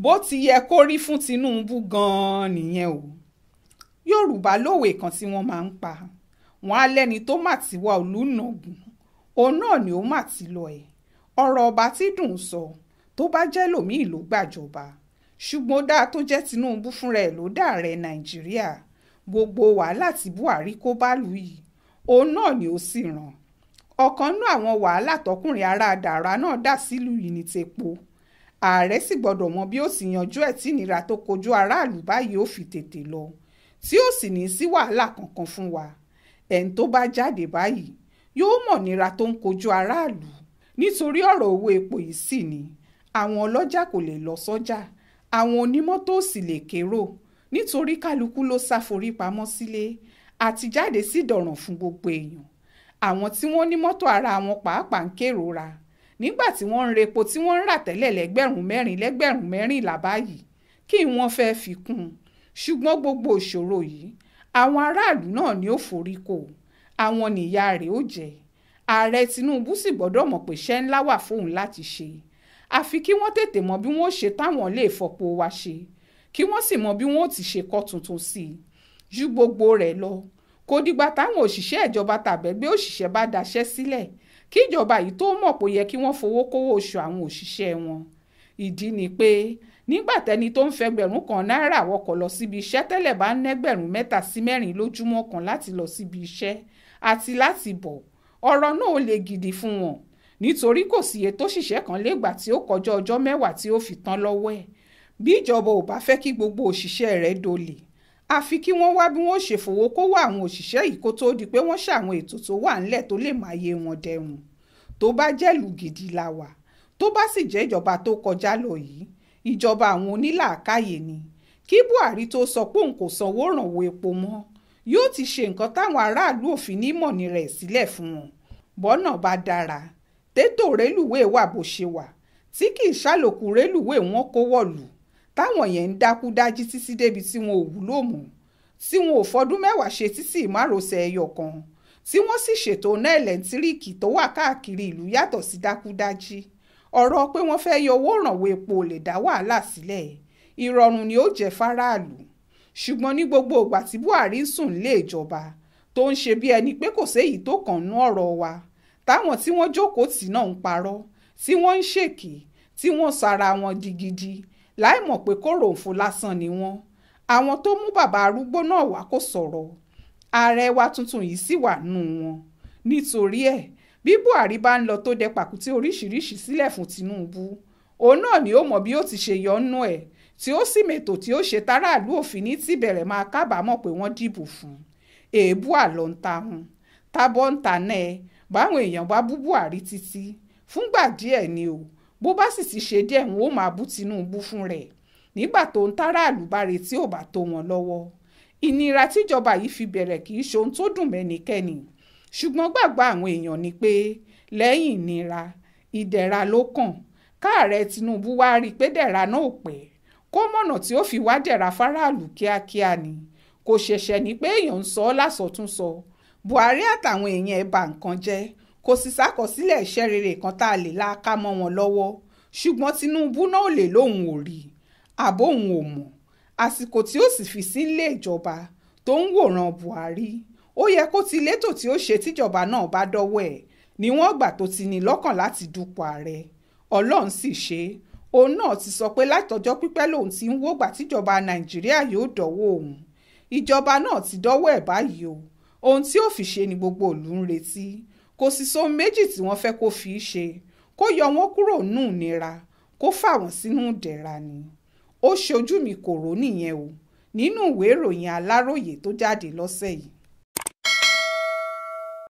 bó ti yẹ kó rí fún Tinubu gan-an nìyẹn o Yorùbá lówe kan tí wọ́n máa ń pa wọn á lẹ́ni tó mà ti wá olùnàgùn òun náà ni ó mà ti lọ ẹ̀ ọ̀rọ̀ ọba tí dùn sọ tó bá jẹ́ lòmíì ló gbàjọba ṣùgbọ́n dáa tó jẹ́ Tinubu fúnra ẹ̀ ló dá ààrẹ Nàìjíríà gbogbo wàhálà tí Buhari kó bá lù yìí òun náà ni ó sì ràn ọ̀kan náà àwọn wàhálà tọkùnrin ará dàrá náà dá sílùú yìí ní tepo ààrẹ sì gbọ́dọ̀ mọ bí ó sì yanjú ẹ̀ tí ìnira tó kojú aráàlú báyìí ó fi tètè lọ tí ó sì ní sí wàhálà kankan fún wa ẹni tó bá jáde báyìí yóò mọ̀ nira tó ń kojú aráàlú nítorí ọ̀rọ̀ owó epo yìí sì ni àwọn ọlọ́jà kò lè lọ sọ́jà àwọn onímọ́tò sì lè kérò nítorí kálukú ló sáforí pamọ́ sílé àti jáde sí dọ̀ràn fún gbogbo èèyàn àwọn tí wọ́n ní mọ́tò ara wọn pàápàá ń kérora nígbà tí wọ́n ń repo tí wọ́n ń rà tẹ́lẹ̀ lẹ́gbẹ̀rún mẹ́rin lẹ́gbẹ̀rún mẹ́rìnlá báyìí kí wọ́n fẹ́ fi kún un ṣùgbọ́n gbogbo ìṣòro yìí àwọn aráàlú náà ni ó forí kò àwọn nìyà rẹ̀ ó jẹ́ ààrẹ Tinubu sì gbọ́dọ̀ mọ̀ pé iṣẹ́ ńlá wà fóun láti ṣe àfi kí wọ́n tètè mọ bí wọ́n ṣe táwọn lè fọpo wa ṣe kí wọ́n sì mọ bí wọ́n ti ṣe kọ́ tuntun sí i ju gbogbo rẹ̀ lọ kò dìgbà táwọn òṣìṣẹ́ ìjọba tàbẹ́gbẹ́ òṣìṣẹ́ bá daṣẹ́ sílẹ̀ si kíjọba yìí tó mọ̀ pé yẹ kí wọ́n fowó kówó oṣù àwọn òṣìṣẹ́ wọn ìdí ni pé nígbà tẹni tó ń fẹgbẹ̀rún kan náírà wọkọ̀ lọ síbi iṣẹ́ tẹ́lẹ̀ bá nẹ́gbẹ̀rún mẹ́ta sí mẹ́rin lójúmọ́ kan láti lọ síbi iṣẹ́ àti láti bọ̀ ọ̀rọ̀ náà ò gidi fún wọn nítorí kò sí iye tó kan légbà tí ó kọjá ọjọ́ mẹ́wàá tí ó fi tán lọ́wọ́ ẹ̀ bí ìjọba ò bá fẹ́ kí gbogbo òṣìṣẹ́ rẹ̀ dolè àfi kí wọ́n wá bí wọ́n ṣe fowó kówó àwọn òṣìṣẹ́ yìí kó tóó di pé wọ́n ṣàwọn ètò tó wà ńlẹ̀ tó lè máyé wọn dẹrùn tó bá jẹ́lù gidi la wà tó bá sì jẹ́ ìjọba tó kọjá lọ yìí ìjọba àwọn onílàákàyè ni kí Buhari tó sọ pé òun kò sanwó ìrànwọ́ epo mọ́ yóò ti ṣe nǹkan táwọn aráàlú òfin ní mọ̀ni rẹ̀ sílẹ̀ fún wọn bọ́nà bá dára tètò rélùwéè wà bó ṣe wà tí kì í ṣàlòkù rélùwéè wọn kó táwọn yẹn ń dákú dájí títí débi tí wọn ò wúlò mọ́ tí wọn ò fọdún mẹ́wàá ṣe títí ìmárosẹ̀ ẹyọ kan tí wọ́n sì ṣètò náà ẹ̀lẹ́ńtíríìkì tó wà káàkiri ìlú yàtọ̀ sí dákúdájí ọ̀rọ̀ pé wọ́n fẹ́ yọ owó ìrànwọ́ epo lè dá wàhálà sílẹ̀ ìrọ̀rùn ni ó jẹ́ fáráàlú ṣùgbọ́n ní gbogbo ìgbà tí Buhari ń sùn lé ìjọba tó ń ṣe bí ẹni pé kò séyìí tó kàn ọ̀rọ̀ wa táwọn tí wọ́n jókòó tì náà ń parọ́ tí wọ́n ń ṣèké tí wọ́n sara wọn digidi láì mọ̀ pé kòròǹfò lásán ni wọ́n àwọn tó mú bàbá arúgbó náà wá kò sọ̀rọ̀ ààrẹ wa tuntun yìí sì wà nù wọn nítorí ẹ̀ bí Buhari bá ń lọ tó dẹ pàkúté oríṣiríṣi sílẹ̀ fún Tinubu òun náà ni ó mọ̀ bí ó ti ṣe yọnu ẹ̀ tí ó sì mètò tí ó ṣe táráàlú òfin ní tìbẹ̀rẹ̀ máa kábàámọ̀ pé wọ́n dìbò fún èébú àlọ́ ń ta hun tábọ̀ ń ta náà ẹ báwọn èèyàn bá bú Buhari títí fúngbà díẹ̀ ni o bó bá sì ti ṣe díẹ̀ wọn ó máa bú Tinubu fún rẹ̀ nígbà tó ń táràlù bá retí ò bá tó wọn lọ́wọ́ ìnira tíjọba yìí fi bẹ̀rẹ̀ kì í ṣe ohun tó dùn mẹ́nikẹ́ni ṣùgbọ́n gbàgbọ́ àwọn èèyàn ni pé lẹ́yìn ìnira ìdẹ̀ra ló kàn káààrẹ Tinubu wá rí i pé dẹ̀ra náà pẹ́ kó mọ̀nà tí ó fi wá dẹ̀ra fáráàlú kíákíá ni kò ṣẹ̀ṣẹ̀ ni pé èèyàn ń sọ ọ́ lásọtúnsọ Buhari àtàwọn èèyàn ẹ̀ bà nǹkan jẹ́ kò sì ṣàkọsílẹ̀ iṣẹ́ rere kan tá a lè la ká mọ́ wọn lọ́wọ́ ṣùgbọ́n Tinubu náà lè lóun ò rí àbó òun ò mọ̀ àsìkò tí ó sì fi sílé ìjọba tó ń wòran Buhari ó yẹ kó ti létò tí ó ṣe tíjọba náà bá dọ́wọ́ ẹ̀ ni wọ́n gbà tó ti ní lọ́kàn láti dupò ààrẹ Ọlọ́run sì ṣe òun náà ti sọ pé látọjọ́ pípẹ́ lòun ti ń wógbà tíjọba Nàìjíríà yóò dọ́wọ́ òun ìjọba náà ti dọ́wọ́ ẹ̀ báyìí o ohun tí ó fi ṣe ni gbogbo ìlú ń retí kò sì so méjì tí wọ́n fẹ́ kó fi í ṣe kó yọ wọ́n kúrò nù nira kó fà wọ́n sínú ìdẹ̀ra ni ó ṣojú mi kò rò nìyẹn o nínú ìwé ìròyìn Aláròyé tó jáde lọ́sẹ̀ yìí